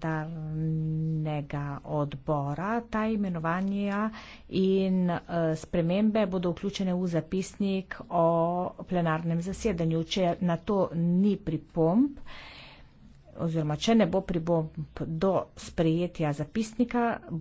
parlamentarnega odbora. Ta imenovanja in eh, spremembe bodo vključene v zapisnik o plenarnem zasedanju. Če na to ni pripomp, oziroma če ne bo pripomp do sprejetja zapisnika,